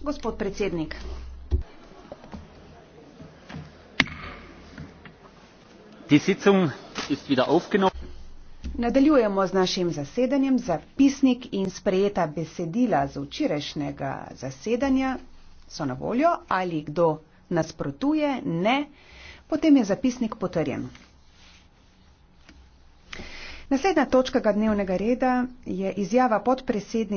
Gospod predsednik. Nadaljujemo z našim zasedanjem. Zapisnik in sprejeta besedila z včerajšnjega zasedanja so na voljo. Ali kdo nasprotuje? Ne. Potem je zapisnik potrjen. Naslednja točka dnevnega reda je izjava podpredsednika.